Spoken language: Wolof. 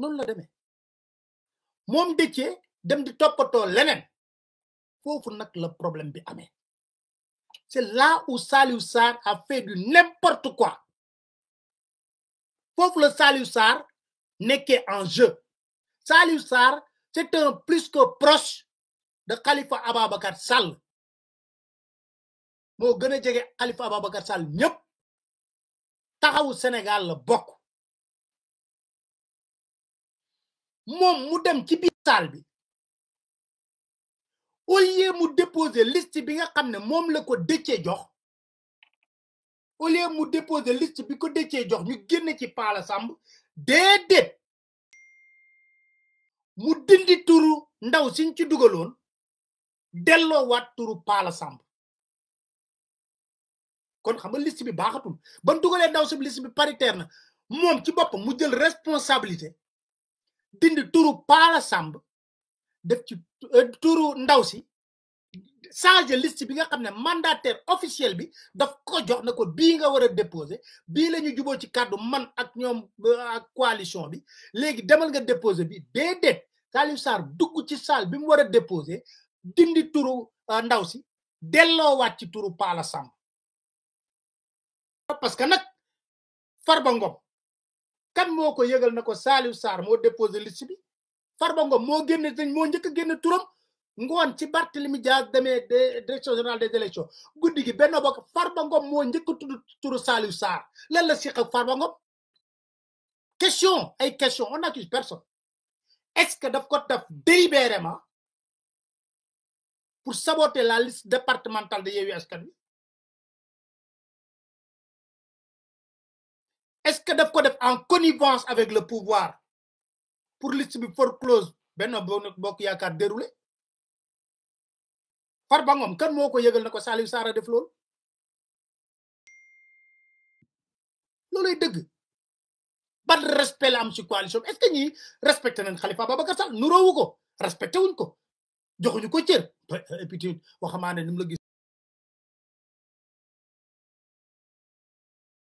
noonu la demee moom dëccee dem di toppatoo leneen foofu nag la problème bi ame c'est là où Saliou Sarr a fait du n'importe quoi foofu la Saliou Sarr nekkee en jeu Saliou Sarr c'est un plus que proche de Khalifa Ababacar Sall moo gën a jege Khalifa Ababacar Sall ñëpp taxawu Sénégal la bokk moom mu dem ci biir salle bi au lieu mu déposer liste bi nga xam ne moom la ko dëccee jox au mu déposer liste bi ko dëccee jox ñu génn ci paala Samb déedéet mu dindi turu ndaw siñ ci dugaloon delloowaat turu Pala Samb kon xam nga liste bi baaxatul ba dugalee ndaw si liste bi paritaire na moom ci boppam mu jël responsabilité dindi turu Paala def ci euh, turu ndaw si changer liste bi nga xam ne mandataire officiel bi daf ko jox na ko bii nga war a déposé bii la ñu juboo ci kàddu man ak ñoom euh, ak coalition bi léegi demal nga déposé bi déedéet Salif Sarr dugg ci salle bi mu war a déposé dindi turu euh, ndaw si delloowaat ci turu Paala Samb parce que nag Farba Ngom kan moo ko yëgal na ko Saliou Sarr moo déposé liste bi Farba Ngom moo génne dañ moo njëkk a génne ngoon ci Barthélemy Dias demee direction générale des élections guddi gi benn bokk Farba Ngom moo njëkk a tudd turu Saliou Sarr la siq ak Farba Ngom question ay question on n'accuse personne est-ce que daf ko def délibérément pour saboter la liste départementale de Yewwi Askan Wi est-ce que def ko def en connivence avec le pouvoir pour liste bi forclose Benno Bokk Yaakaar déroulé Farba Ngom kan moo ko yëgal na ko Saliou Sarr a def loolu looluy dëgg ban respect la am ci coalition est-ce que ñi respecté nañ Khalifa Babacar Sall nuroowu ko respecté wuñ ko joxuñu ko cër et puis waxamaane ni mu